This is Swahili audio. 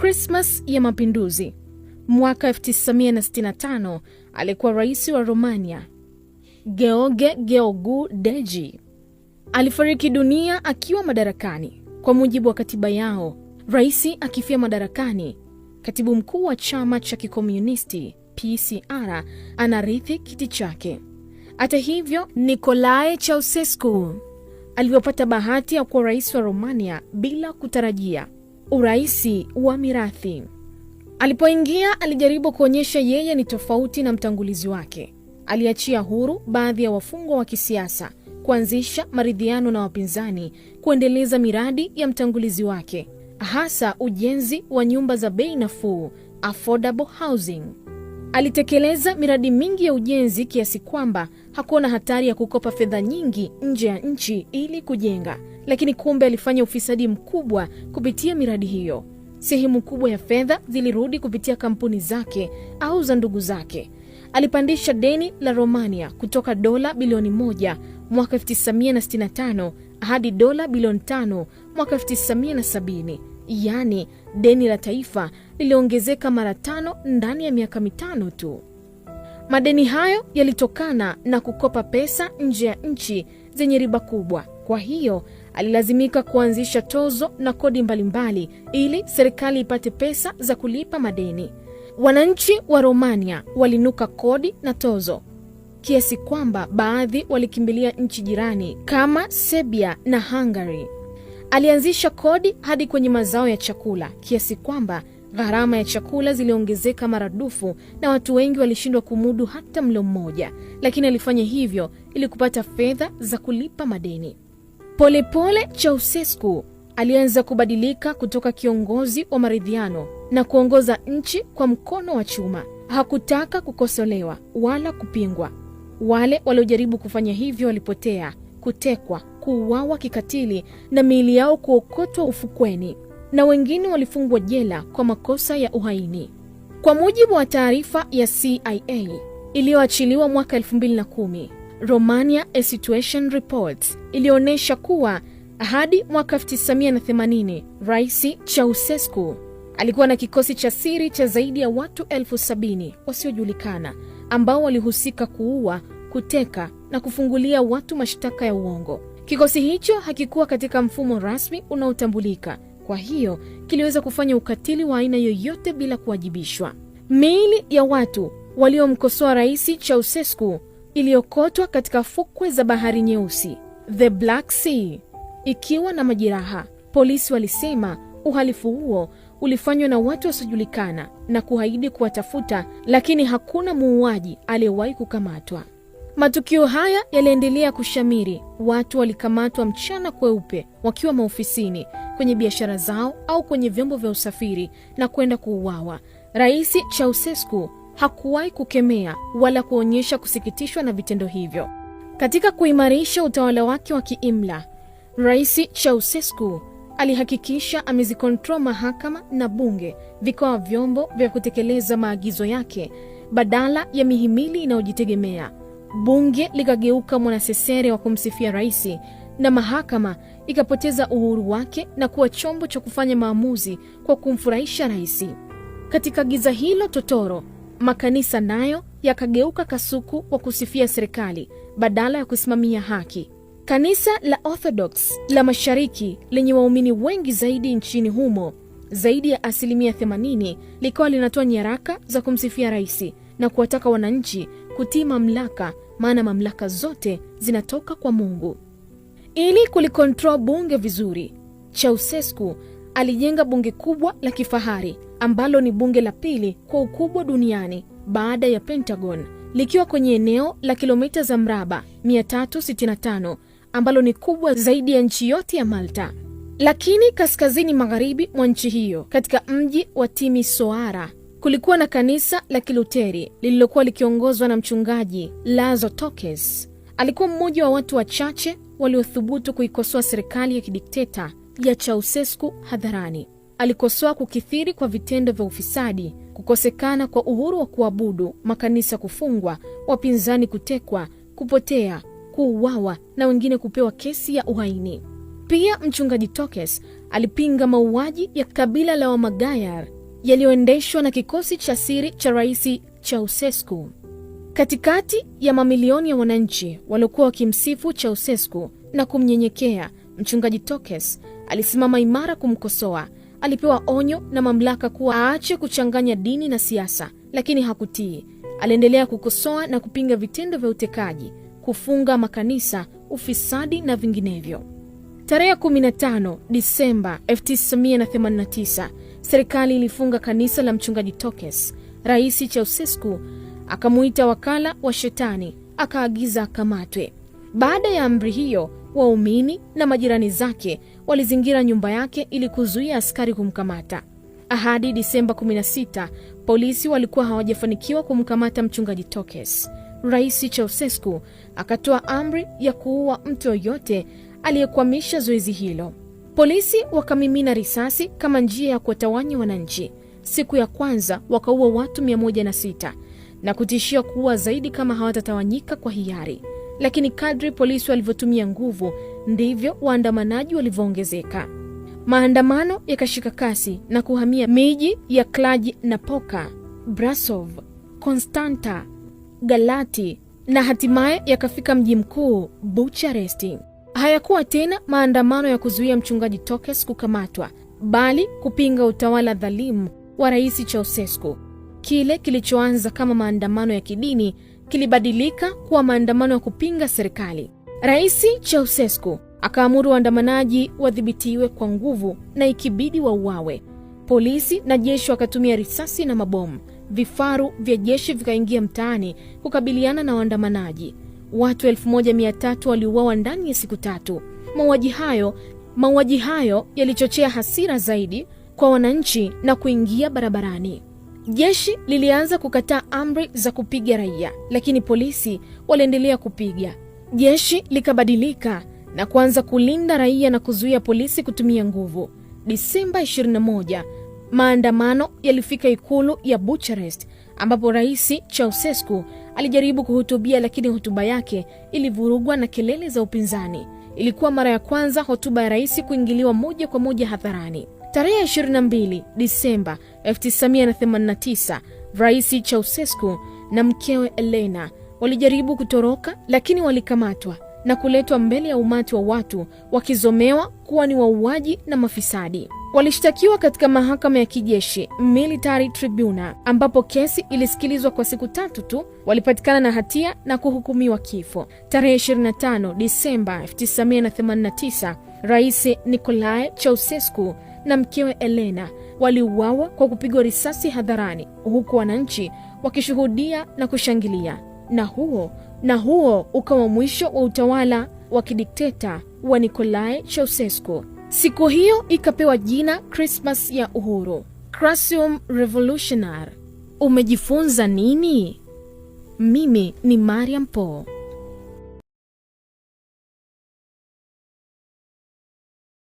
Krismas ya Mapinduzi mwaka 1965 alikuwa rais wa Romania George Georgu Deji alifariki dunia akiwa madarakani. Kwa mujibu wa katiba yao, rais akifia madarakani, katibu mkuu wa chama cha kikomunisti PCR anarithi kiti chake. Hata hivyo, Nicolae Ceausescu alivyopata bahati ya kuwa rais wa Romania bila kutarajia uraisi wa mirathi. Alipoingia alijaribu kuonyesha yeye ni tofauti na mtangulizi wake. Aliachia huru baadhi ya wafungwa wa kisiasa, kuanzisha maridhiano na wapinzani, kuendeleza miradi ya mtangulizi wake, hasa ujenzi wa nyumba za bei nafuu, affordable housing. Alitekeleza miradi mingi ya ujenzi kiasi kwamba hakuona hatari ya kukopa fedha nyingi nje ya nchi ili kujenga, lakini kumbe alifanya ufisadi mkubwa kupitia miradi hiyo. Sehemu kubwa ya fedha zilirudi kupitia kampuni zake au za ndugu zake. Alipandisha deni la Romania kutoka dola bilioni moja mwaka 965 hadi dola bilioni tano mwaka 97 yaani deni la taifa liliongezeka mara tano ndani ya miaka mitano tu. Madeni hayo yalitokana na kukopa pesa nje ya nchi zenye riba kubwa. Kwa hiyo alilazimika kuanzisha tozo na kodi mbalimbali mbali, ili serikali ipate pesa za kulipa madeni. Wananchi wa Romania walinuka kodi na tozo kiasi kwamba baadhi walikimbilia nchi jirani kama Serbia na Hungary. Alianzisha kodi hadi kwenye mazao ya chakula kiasi kwamba gharama ya chakula ziliongezeka maradufu na watu wengi walishindwa kumudu hata mlo mmoja, lakini alifanya hivyo ili kupata fedha za kulipa madeni. Polepole chausescu alianza kubadilika kutoka kiongozi wa maridhiano na kuongoza nchi kwa mkono wa chuma. Hakutaka kukosolewa wala kupingwa. Wale waliojaribu kufanya hivyo walipotea kutekwa, kuuawa kikatili na miili yao kuokotwa ufukweni, na wengine walifungwa jela kwa makosa ya uhaini. Kwa mujibu wa taarifa ya CIA iliyoachiliwa mwaka 2010, Romania A Situation Report ilionyesha kuwa hadi mwaka 1980 Rais Ceausescu alikuwa na kikosi cha siri cha zaidi ya watu elfu sabini wasiojulikana ambao walihusika kuua kuteka na kufungulia watu mashtaka ya uongo. Kikosi hicho hakikuwa katika mfumo rasmi unaotambulika, kwa hiyo kiliweza kufanya ukatili wa aina yoyote bila kuwajibishwa. Miili ya watu waliomkosoa Rais chausescu iliyokotwa katika fukwe za Bahari Nyeusi, the Black Sea, ikiwa na majeraha. Polisi walisema uhalifu huo ulifanywa na watu wasiojulikana na kuahidi kuwatafuta, lakini hakuna muuaji aliyewahi kukamatwa. Matukio haya yaliendelea kushamiri. Watu walikamatwa mchana kweupe wakiwa maofisini, kwenye biashara zao au kwenye vyombo vya usafiri na kwenda kuuawa. Rais chausescu hakuwahi kukemea wala kuonyesha kusikitishwa na vitendo hivyo. Katika kuimarisha utawala wake wa kiimla, Rais chausescu alihakikisha amezikontro mahakama na bunge vikawa vyombo vya kutekeleza maagizo yake badala ya mihimili inayojitegemea bunge likageuka mwanasesere wa kumsifia rais na mahakama ikapoteza uhuru wake na kuwa chombo cha kufanya maamuzi kwa kumfurahisha rais. Katika giza hilo totoro, makanisa nayo yakageuka kasuku wa kusifia serikali badala ya kusimamia haki. Kanisa la Orthodox la Mashariki lenye waumini wengi zaidi nchini humo, zaidi ya asilimia 80, likawa linatoa nyaraka za kumsifia rais na kuwataka wananchi kutii mamlaka, maana mamlaka zote zinatoka kwa Mungu. Ili kulikontrol bunge vizuri, chausescu alijenga bunge kubwa la kifahari ambalo ni bunge la pili kwa ukubwa duniani baada ya Pentagon, likiwa kwenye eneo la kilomita za mraba 365 ambalo ni kubwa zaidi ya nchi yote ya Malta. Lakini kaskazini magharibi mwa nchi hiyo, katika mji wa soara Kulikuwa na kanisa la Kiluteri lililokuwa likiongozwa na mchungaji Lazo Tokes. Alikuwa mmoja wa watu wachache waliothubutu kuikosoa serikali ya kidikteta ya chausesku hadharani. Alikosoa kukithiri kwa vitendo vya ufisadi, kukosekana kwa uhuru wa kuabudu, makanisa kufungwa, wapinzani kutekwa, kupotea, kuuawa na wengine kupewa kesi ya uhaini. Pia mchungaji Tokes alipinga mauaji ya kabila la Wamagayar yaliyoendeshwa na kikosi cha siri cha rais Ceausescu. Katikati ya mamilioni ya wananchi waliokuwa wakimsifu Ceausescu na kumnyenyekea, mchungaji Tokes alisimama imara kumkosoa. Alipewa onyo na mamlaka kuwa aache kuchanganya dini na siasa, lakini hakutii. Aliendelea kukosoa na kupinga vitendo vya utekaji, kufunga makanisa, ufisadi na vinginevyo. Tarehe 15 Disemba 1989 serikali ilifunga kanisa la mchungaji Tokes. Rais chausescu akamuita wakala wa shetani, akaagiza akamatwe. Baada ya amri hiyo, waumini na majirani zake walizingira nyumba yake ili kuzuia askari kumkamata. Hadi Disemba 16 polisi walikuwa hawajafanikiwa kumkamata mchungaji Tokes. Rais chausescu akatoa amri ya kuua mtu yoyote aliyekwamisha zoezi hilo. Polisi wakamimina risasi kama njia ya kuwatawanya wananchi. Siku ya kwanza wakaua watu 106 na kutishia kuua zaidi kama hawatatawanyika kwa hiari. Lakini kadri polisi walivyotumia nguvu, ndivyo waandamanaji walivyoongezeka. Maandamano yakashika kasi na kuhamia miji ya klaj na Poka, Brasov, Konstanta, Galati na hatimaye yakafika mji mkuu Bucharesti. Hayakuwa tena maandamano ya kuzuia mchungaji Tokes kukamatwa, bali kupinga utawala dhalimu wa Rais chausesco Kile kilichoanza kama maandamano ya kidini kilibadilika kuwa maandamano ya kupinga serikali. Rais chausesco akaamuru waandamanaji wadhibitiwe kwa nguvu na ikibidi wauawe. Polisi na jeshi wakatumia risasi na mabomu. Vifaru vya jeshi vikaingia mtaani kukabiliana na waandamanaji. Watu 1300 waliuawa ndani ya siku tatu. Mauaji hayo mauaji hayo yalichochea hasira zaidi kwa wananchi na kuingia barabarani. Jeshi lilianza kukataa amri za kupiga raia, lakini polisi waliendelea kupiga. Jeshi likabadilika na kuanza kulinda raia na kuzuia polisi kutumia nguvu. Disemba 21, maandamano yalifika ikulu ya Bucharest ambapo Rais Ceausescu Alijaribu kuhutubia lakini hotuba yake ilivurugwa na kelele za upinzani. Ilikuwa mara ya kwanza hotuba ya rais kuingiliwa moja kwa moja hadharani. Tarehe 22 Disemba 1989, Rais chausescu na mkewe Elena walijaribu kutoroka lakini walikamatwa na kuletwa mbele ya umati wa watu wakizomewa kuwa ni wauaji na mafisadi. Walishtakiwa katika mahakama ya kijeshi military tribunal, ambapo kesi ilisikilizwa kwa siku tatu tu. Walipatikana na hatia na kuhukumiwa kifo. Tarehe 25 Disemba 1989, Rais Nikolai Ceausescu na mkewe Elena waliuawa kwa kupigwa risasi hadharani, huku wananchi wakishuhudia na kushangilia, na huo na huo ukawa mwisho wa utawala wa kidikteta wa Nikolai Ceausescu. Siku hiyo ikapewa jina Krismas ya Uhuru, Crasium revolutionar Umejifunza nini? Mimi ni Mariam poe